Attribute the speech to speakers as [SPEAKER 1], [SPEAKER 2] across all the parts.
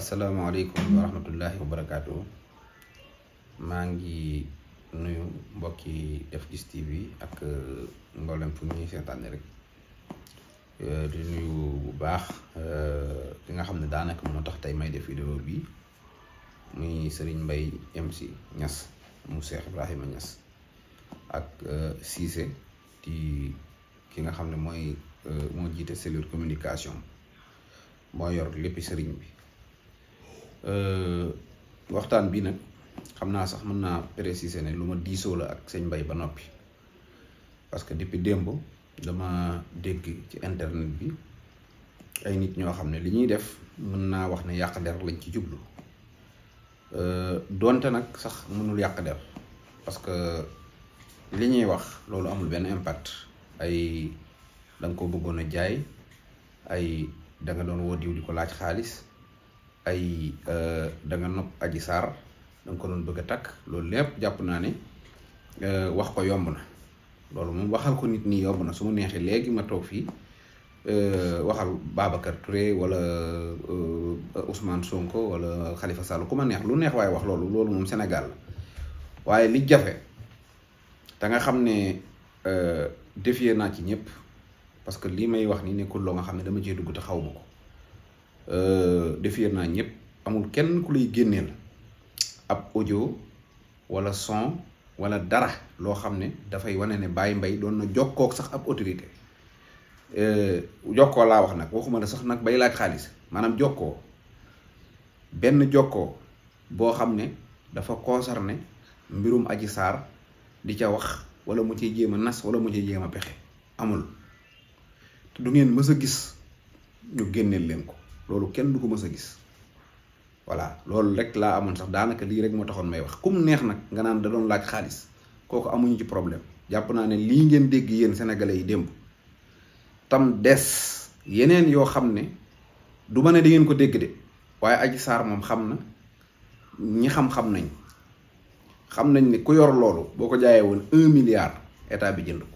[SPEAKER 1] asalaamaaleykum wa rahmatullahi wa barakaatu maa ngi nuyu mbokki def gis TV ak euh, mboolem fu ñuy seetaane rek euh, di nuyu bu baax euh, ki nga xam ne daanaka moo tax tey may def vidéo bi muy Serigne Mbaye MC ñas mu Cheikh Ibrahima Niass ak Cissé di ki nga xam ne mooy moo jiite cellule communication moo yor léppi Serigne bi. Euh, waxtaan bi nag xam naa sax mën naa préciser ne lu ma diisoo la ak sëñ mbay ba noppi parce que depuis démb dama dégg ci internet bi ay nit ñoo xam ne li ñuy def mën naa wax ne yàq der lañ ci jublu euh, donte nag sax mënul yàq der parce que li ñuy wax loolu amul benn impact ay danga ko bëggoon a jaay ay da nga doon woo diw ko laaj xaalis ay euh, da nga nopp aji saar da ko doon bëgg a takk loolu lépp jàpp naa ne euh, wax ko yomb na loolu moom waxal ko nit nii yomb na su mu neexee léegi ma toog fii euh, waxal Babacar Touré wala Ousmane Sonko wala xalifa Sall ku ma neex lu neex waaye wax loolu loolu moom senegal la waaye li jafe te nga xam ne défier naa ci ñëpp parce que lii may wax ni nekkul loo nga xam ne dama cee dugg te xaw ma ko. Euh, defiyee naa ñëpp amul kenn ku lay génneel ab audio wala son wala dara loo xam ne dafay wane ne Baye mbay doon na jokkook sax ab autorité euh, jokkoo laa wax nag waxuma ne sax nag bay laaj xaalis maanaam jokkoo benn jokkoo boo xam ne dafa concerné mbirum aji saar di ca wax wala mu ci jéem a nas wala mu ci jéem a pexe amul te du ngeen mës a gis ñu génneel leen ko loolu kenn du ko mës a gis voilà loolu rek laa amoon sax daanaka lii rek moo taxoon may wax kum neex nag nga naan da doon laaj xaalis kooku amuñu ci problème jàpp naa ne lii ngeen dégg yéen sénégalais yi démb tam des yeneen yoo xam ne du ma ne da ko dégg de waaye aji saar moom xam na ñi xam-xam nañ xam nañ ne ku yor loolu boo ko jaayee woon un milliard état bi jënd ko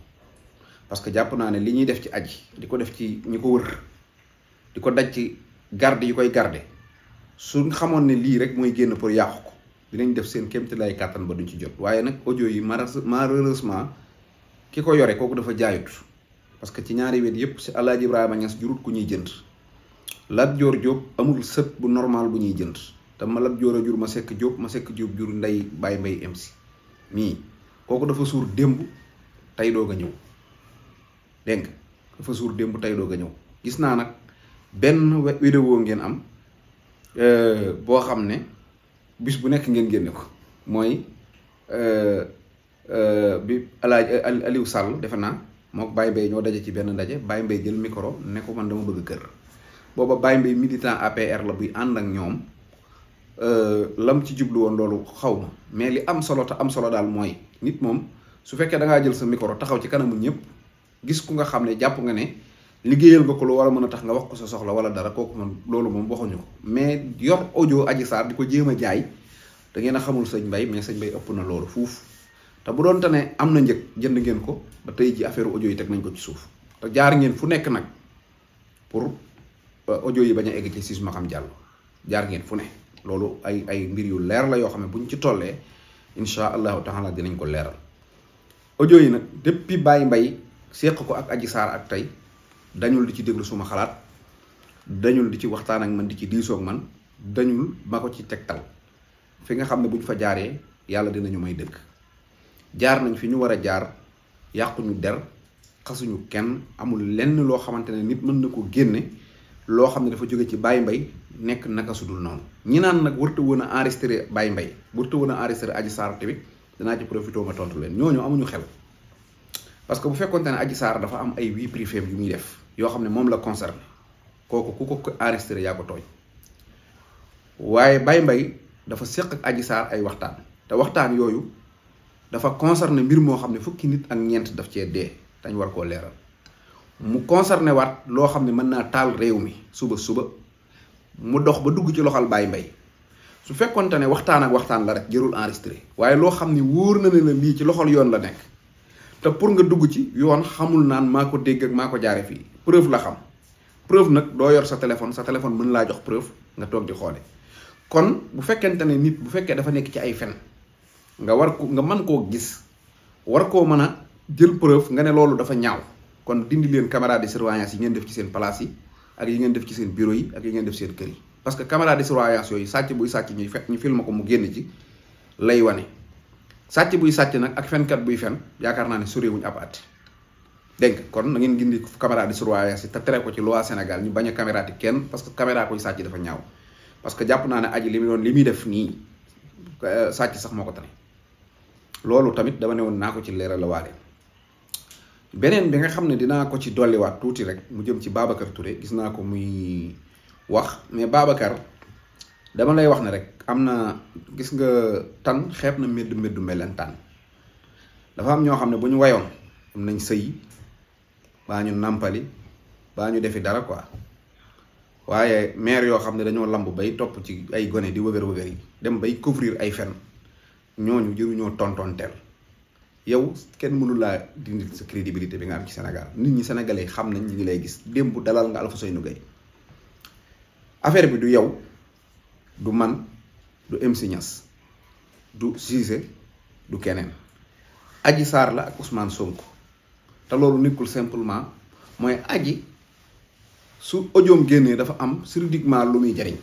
[SPEAKER 1] parce que jàpp naa ne li ñuy def ci aji di ko def ci ñi ko wër di ko daj garde yi koy garde suñ xamoon ne lii rek mooy génn pour yàqu ko dinañ def seen kéemtalaay kàttan ba duñ ci jot waaye nag audio yi malheureusement ki ko yore kooku dafa jaayut parce que ci ñaari wet yépp si Alaaji Ibrahima Niass jurut ku ñuy jënd Lat Joor Jóob amul sët bu normal bu ñuy jënd te ma Lat Joor a jur ma sekk Jóob ma sekk Jóob jur ndey Baye Mbaye MC mii kooku dafa suur démb tey doog a ñëw dégg nga dafa suur démb tey doog a ñëw gis naa nag benn vidéo ngeen am euh, boo xam ne bis bu nekk ngeen génne ko mooy euh, euh, bi alaaj Aliou Sall defe naa mook Baye Mbaye ñoo daje ci benn ndaje Baye Mbaye jël micro ne ko man dama bëgg kër booba Baye Mbaye militant APR la buy ànd ak ñoom lam ci jublu woon loolu xaw ma mais li am solo te am solo daal mooy nit moom su fekkee da ngaa jël sa micro taxaw ci kanamu ñëpp gis ku nga xam ne jàpp nga ne liggéeyal nga ko lu war a mën a tax nga wax ko sa soxla wala dara kooku man loolu moom waxuñu ko mais yor audio Adji Sarr di ko jéem a jaay da ngeen a xamul sëñ mbay mais sëñ Mbaye ëpp na loolu fuuf te bu doon te ne am na njëg jënd ngeen ko ba tey ji affaire audio yi teg nañ ko ci suuf te jaar ngeen fu nekk nag pour euh, audio yi bañ a xam jàll jaar ngeen fu ne loolu ay ay mbir yu leer la yoo xam ne buñ ci tollee incha allahu taala dinañ ko leeral audio yi nag dëppi Baye mbay séq ko ak Adji Sarr ak tey dañul di ci déglu suma xalaat dañul di ci waxtaan ak man di ci diisoo ak man dañul ma ko ci tegtal fi nga xam ne buñ fa jaaree yàlla dinañu may dëkk jaar nañ fi ñu war a jaar yàquñu der xasuñu kenn amul lenn loo xamante ne nit mën na ko génne loo xam ne dafa jóge ci Baye mbay nekk naka sudul noonu ñi naan nag warta woon a enregistré Baye mbay warta woon a enregistré Adji Sarr tamit danaa ci profité ma tontu leen ñooñu amuñu xel parce que bu fekkonte ne Adji Sarr dafa am ay vie privée yu muy def yoo xam ne moom la concerné kooku ku ko enregistré yaa ko tooñ waaye Baye mbay dafa séq ak Adji ay waxtaan te waxtaan yooyu dafa concerné mbir moo xam ne fukki nit ak ñeent daf cee dee dañ war koo leeral mu conserné waat loo xam ne mën naa taal réew mi suba suba mu dox ba dugg ci loxol Baye mbay su fekkonte ne waxtaan ak waxtaan la rek jërul enregistré waaye loo xam ne wóor na ne la lii ci loxol yoon la nekk te pour nga dugg ci yoon xamul naan maa ko dégg maa ko jaare fii preuve la xam preuve nag doo yor sa téléphone sa téléphone mën laa jox preuve nga toog di xoole kon bu fekkente ne nit bu fekkee dafa nekk ci ay fen nga war ko nga mën koo gis war koo mën a jël preuve nga ne loolu dafa ñaaw kon dindi leen caméra de surveillance yi ngeen def ci seen place yi ak yi ngeen def ci seen bureau yi ak yi ngeen def seen kër yi parce que caméra de surveillance yooyu sàcc buy sàcc ñuy fekk ñu film ko mu génn ci lay wane sàcc buy sàcc nag ak fenkat buy fen yaakaar naa ne sorewuñu ab dégg kon na ngeen gindi caméra de surveillance yi te tere ko ci loi Sénégal ñu bañ a caméraati kenn parce que caméra koy sàcc dafa ñaaw parce que jàpp naa ne aji li mu doon muy def nii euh, sàcc sax moo ko tane loolu tamit dama ne woon naa ko ci leeral la waale beneen bi nga xam ne dinaa ko ci dolliwaat tuuti rek mu jëm ci Babacar Touré gis naa ko muy wax mais Babacar dama lay wax ne rek am na gis nga tan xeeb na mbedd mbeddu mellentaan dafa am ñoo xam ne bu ñu wayoon am nañ sëy baa ñu nàmpali baa ñu defi dara quoi waaye maire yoo xam ne dañoo lamb bay topp ci ay gone di wëgër wëgër yi dem bay couvrir ay fen ñooñu jëruñoo tontonteel yow kenn mënu laa dindi sa crédibilité bi nga am ci senegal nit ñi sénégalais xam nañ ñi ngi lay gis démb dalal nga Alpha Seynou Gueye affaire bi du yow du man du MC Niass du Cissé du keneen aji Sarr la ak Ousmane Sonko te loolu nekkul simplement mooy aji su audioom génnee dafa am juridiquement lu muy jariñ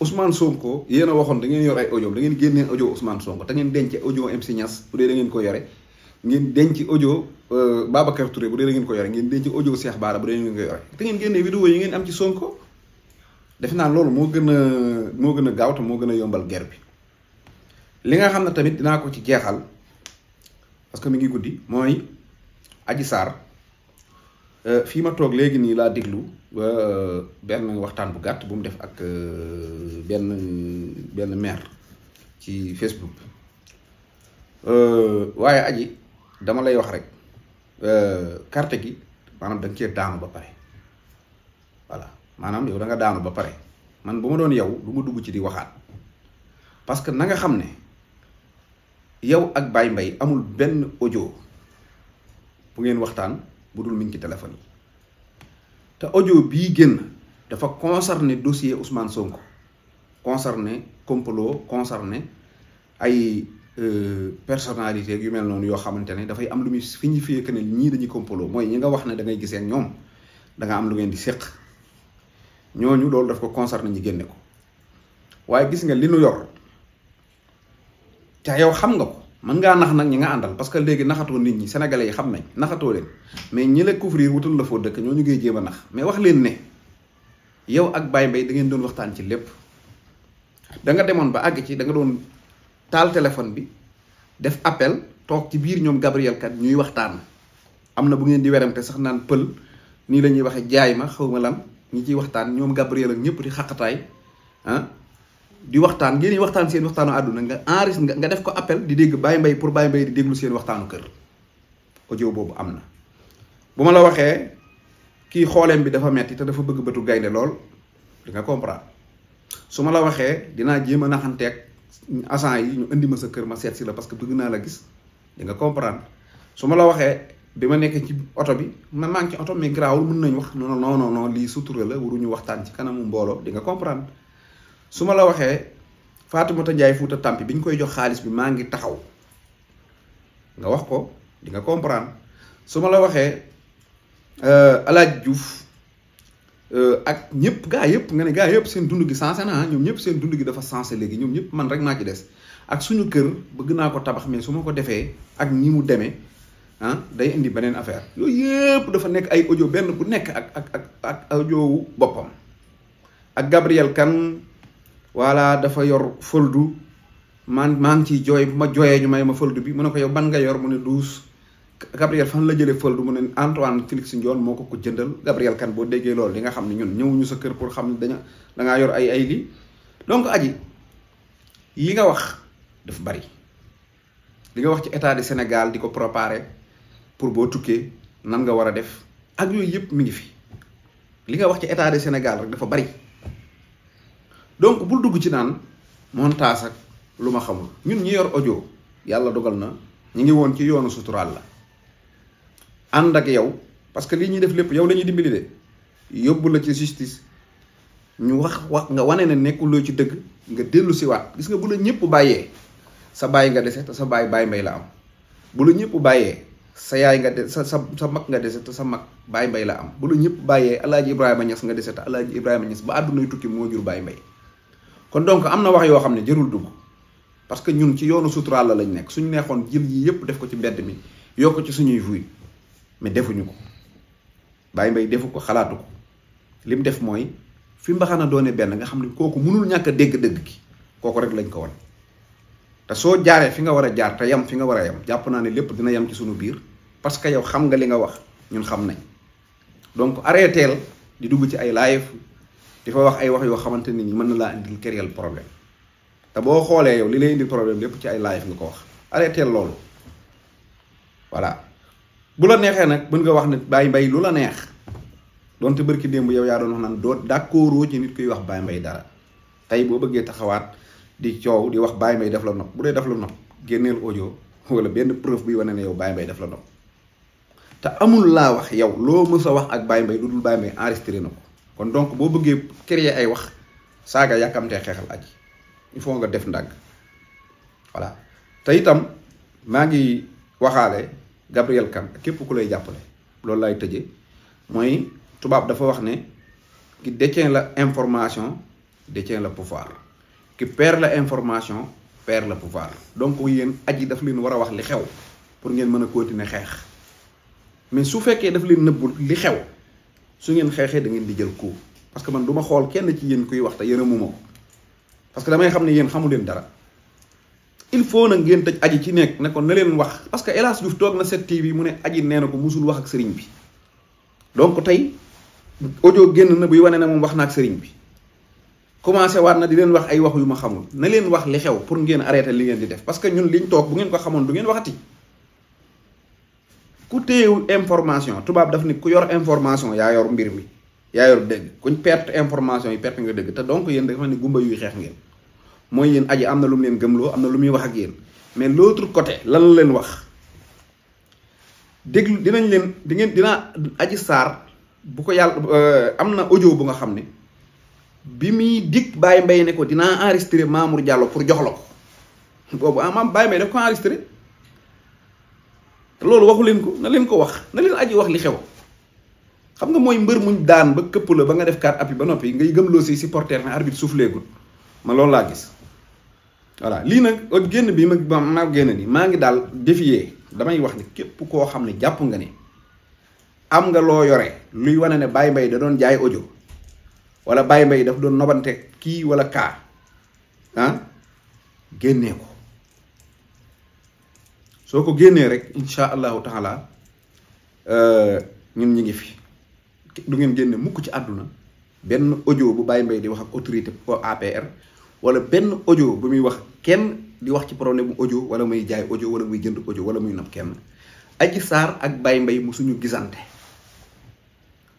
[SPEAKER 1] Ousmane Sonko yéen a waxoon da yor ay audio dangeen génnee audio Ousmane Sonko te denc audio MC Niass bu ko yore ngeen denc audio euh, Babacar Touré bu dee da ngeen ko yore ngeen denc audio Cheikh Bara bu dee da ngeen ko yore te ngeen génnee vidéo yi ngeen am ci Sonko defe naa loolu moo gën a moo gën a gaaw te moo gën a yombal guerre bi li nga xam ne tamit dinaa ko ci jeexal parce que mi ngi guddi mooy. Adji Sarr euh, fii ma toog léegi nii laa déglu euh, benn waxtaan bu gàtt bu mu def ak euh, benn benn maire ci Facebook waaye aji dama lay wax rek carte gi maanaam da nga cee daanu ba pare voilà maanaam yow da daanu ba pare man bu ma doon yow lu ma dugg ci di waxaat parce que na xam ne yow ak Baye mbay amul benn audio. bu ngeen waxtaan bu dul mi ngi téléphone yi te audio bii génn dafa concerné dossier Ousmane Sonko concerné complot concerné ay euh, personnalité yu mel noonu yoo xamante ne dafay am lu muy fi ñu fiyee ne ñii dañuy complot mooy ñi nga wax ne dangay ngay gisee ñoom danga am lu ngeen di séq ñooñu loolu dafa ko concerné ñi génne ko waaye gis nga li nu yor te yow xam nga ko. mën ngaa nax nag ñi nga àndal parce que léegi naxatoo nit ñi sénégalais yi xam nañ naxatoo leen mais ñi la couvrir wutal la foo dëkk ñoo ñu ngay jéem a nax mais wax leen ne yow ak Baye mbay da ngeen doon waxtaan ci lépp da nga demoon ba àgg ci da nga doon taal téléphone bi def appel toog ci biir ñoom Gabriel kat ñuy waxtaan am na bu ngeen di weramte sax naan pël nii la ñuy waxe jaay ma xaw ma lan ñi ciy waxtaan ñoom Gabriel ak ñëpp di xaqataay ah di waxtaan ngeen waxtaan seen waxtaanu àdduna nga enregistré nga def ko appel di dégg Baye Mbaye pour Baye Mbaye di déglu seen waxtaanu kër audio boobu am na. bu ma la waxee kii xoolem bi dafa metti te dafa bëgg bëtu gaynde lool di nga comprendre su ma la waxee dinaa jéem a naxanteeg agent yi ñu indi ma sa kër ma seet si la parce que bëgg naa la gis di nga comprendre la waxee bi ma nekk ci oto bi man maa ngi ci oto mais garaawul mën nañ wax non non lii sutura la waruñu waxtaan ci kanamu mbooloo di nga comprendre. su ma la waxee Faatumata Njaay Fuuta Tàmpi bi ñu koy jox xaalis bi maa ngi taxaw nga wax ko dinga nga comprendre su ma la waxee euh, Alaaj Juuf euh, ak ñëpp gaa yëpp nga ne gaa yëpp seen dund gi sensé na ñoom ñëpp seen dund gi dafa sensé léegi ñoom ñëpp man rek maa ci des ak suñu kër bëgg naa ko tabax mais su ma ko defee ak ni mu demee ah day indi beneen affaire yooyu yëpp dafa nekk ay audio benn bu nekk ak ak ak ak boppam ak Gabriel Kane wala dafa yor fëldu maan maa ngi ciy jooy bu ma jooyee ñu may ma fëldu bi mu ne ko yow ban nga yor mu ne douze Gabriel fan la jëlee fëldu mu ne Antoine si Ndiol moo ko ko jëndal Gabriel Kane boo déggee loolu li nga xam ne ñun ñëwuñu sa kër pour xam ne daña da ngaa yor ay ay lii donc aji yi nga wax daf bari li nga wax ci état du Sénégal di ko préparer pour boo tukkee nan nga war a def ak yooyu yëpp mi ngi fi li nga wax ci état du Sénégal rek dafa bari donc bul dugg ci naan montage ak lu ma xamul ñun ñi yor ojo yàlla dogal na ñu ngi woon ci yoonu suturaal la ànd ak yow parce que lii ñuy def lépp yow la ñuy de yóbbu la ci justice ñu wax wax nga wane ne nekkuloo ci dëgg nga dellu si waat gis nga bu la ñëpp bàyyee sa bàyyi nga dese te sa bàyyi baay mbay la am bu la ñëpp bàyyee sa yaay nga de sa sa sa mag nga dese te sa mag bàyyi mbay la am bu la ñëpp bàyyee alaaji Ibrahima Niass nga dese te alaaji Ibrahima Niass ba àddunay tukki moo jur bàyyi mbay kon donc am na wax yoo xam ne jërul dugg parce que ñun ci yoonu suturaal lañu nekk suñu neexoon jël yi yëpp def ko ci mbedd mi yokk ci suñuy vuy mais defuñu ko baay mbay defu ko xalaatu ko li mu def mooy fi mbaxana doone benn nga xam ne kooku mënul ñàkk a dégg dëgg kooku rek lañ ko wan te soo jaaree fi nga war a jaar te yam fi nga war a yam jàpp naa ne lépp dina yam ci suñu biir parce que yow xam nga li nga wax ñun xam nañ donc arrêteel di dugg ci ay live di fa wax ay wax yoo xamante ni mën na laa indil kéréel problème te boo xoolee yow li lay indil problème lépp ci ay live nga ko wax arrêté loolu voilà bu la neexee nag mën nga wax ne Baye mbay lu la neex donte bërki démb yow yaa doon wax naan doo d'accord ci nit kuy wax Baye Mbaye dara tey boo bëggee taxawaat di coow di wax baay mbay daf la nopp bu dee daf la nopp génneel audio wala benn preuve buy wane na yow baay mbay daf la nopp te amul laa wax yow loo mës a wax ak Baye Mbaye lu dul Baye Mbaye na ko. kon donc boo bëggee créer ay wax saaga yàkkamtee xeexal aji il faut nga def ndànk voilà te itam maa ngi waxaale Gabriel Kane képp ku lay jàppale loolu lay tëjee mooy tubaab dafa wax ne qui détient la information détient la pouvoir ki per la information per le pouvoir donc yéen yi daf leen war a wax li xew pour ngeen mën a continuer xeex mais su fekkee daf leen nëbbul li xew su ngeen xeexee da ngeen di jël coup parce que man du ma xool kenn ci yéen kuy wax te yërëmu ma ko parce que damay xam ne yéen xamu leen dara il faut nag ngeen tëj aji ci nekk ne ko na leen wax parce que El Hadj Diouf toog na 7TV mu ne aji nee na ko musul wax ak sëriñ bi donc tey audio génn na buy wane ne moom wax na ak sëriñ bi commencé waat na di leen wax ay wax yu ma xamul na leen wax li xew pour ngeen arrêté li ngeen di def parce ñun liñ toog bu ngeen ko xamoon du ngeen waxati. ku téyewu information tubaab daf ni ku yor information yaa yor mbir mi yaa yor dëgg kuñ perte information yi perte nga dëgg te donc yéen dafa ni gumba yuy xeex ngeen mooy yéen aji am na lu mu leen gëmloo am na lu muy wax ak yéen mais l'autre côté lan leen wax déglu dinañ leen di ngeen aji saar bu ko yàlla euh, am na ojo bu nga xam ne bi muy dikk Baye mbay ne ko dina enregistré Mamour Diallo pour jox la ko boobu ah maam Baye Mbaye daf ko enregistré loolu waxu leen ko na leen ko wax na leen aji wax li xew xam nga mooy mbër muñ daan ba këpp la ba nga def carte appui ba noppi ngay gëm loo si supporter ne arbitre suufleegul ma loolu laa gis voilà lii nag génn bi ma ma génn nii maa ngi daal défier damay wax ni képp koo xam ne jàpp nga ne am nga loo yore luy wane ne Baye mbay da doon jaay ojo wala Baye mbay daf doon nobante kii wala kaa ah génnee ko soo ko génnee rek incha allahu taala euh, ñun ñu ngi fi du ngeen génne mukk ci àdduna benn audio bu Baye mbay di wax ak autorité ko APR wala benn audio bu muy wax kenn di wax ci problème mu audio wala muy jaay audio wala muy jënd audio wala muy nab kenn aji Sarr ak Baye mbay mu suñu gisante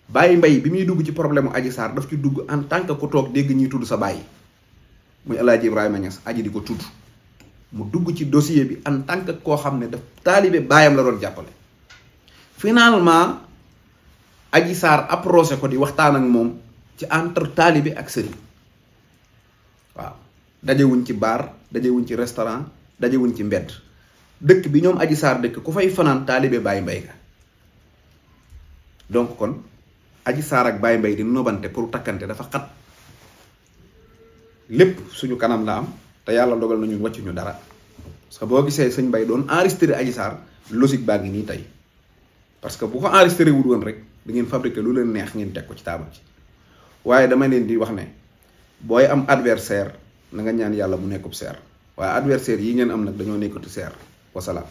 [SPEAKER 1] Baye Mbaye bi muy dugg ci problème mu Adji Sarr daf ci dugg en tant que ku toog dégg ñuy tudd sa baay muy El Hadj Ibrahima Niass aji di ko tudd mu dugg ci dossier bi en tànk que koo xam ne daf taalibe baayam la doon jàppale finalement Adji Sarr ko di waxtaan ak moom ci entre taalibe ak sëriñ waaw dajewuñ ci baar dajewuñ ci restaurant dajewuñ ci mbedd dëkk bi ñoom Adji Sarr dëkk ko fay fanaan taalibe Baye Mbaye ka donc kon Adji Sarr ak Baye Mbaye di nobante pour takkante dafa xat lépp suñu kanam la am te yàlla dogal nañu ñun wàccuñu dara parce boo gisee sëñ bay doon enregistré Adji Sarr logique baa ngi nii tey parce que bu ko enregistré wul woon rek da ngeen fabriqué lu leen neex ngeen teg ko ci taabal ci waaye damay leen di wax ne booy am adversaire na nga ñaan yàlla mu nekkub seer waaye adversaire yi ngeen am nag dañoo nekkatu seer wasalaam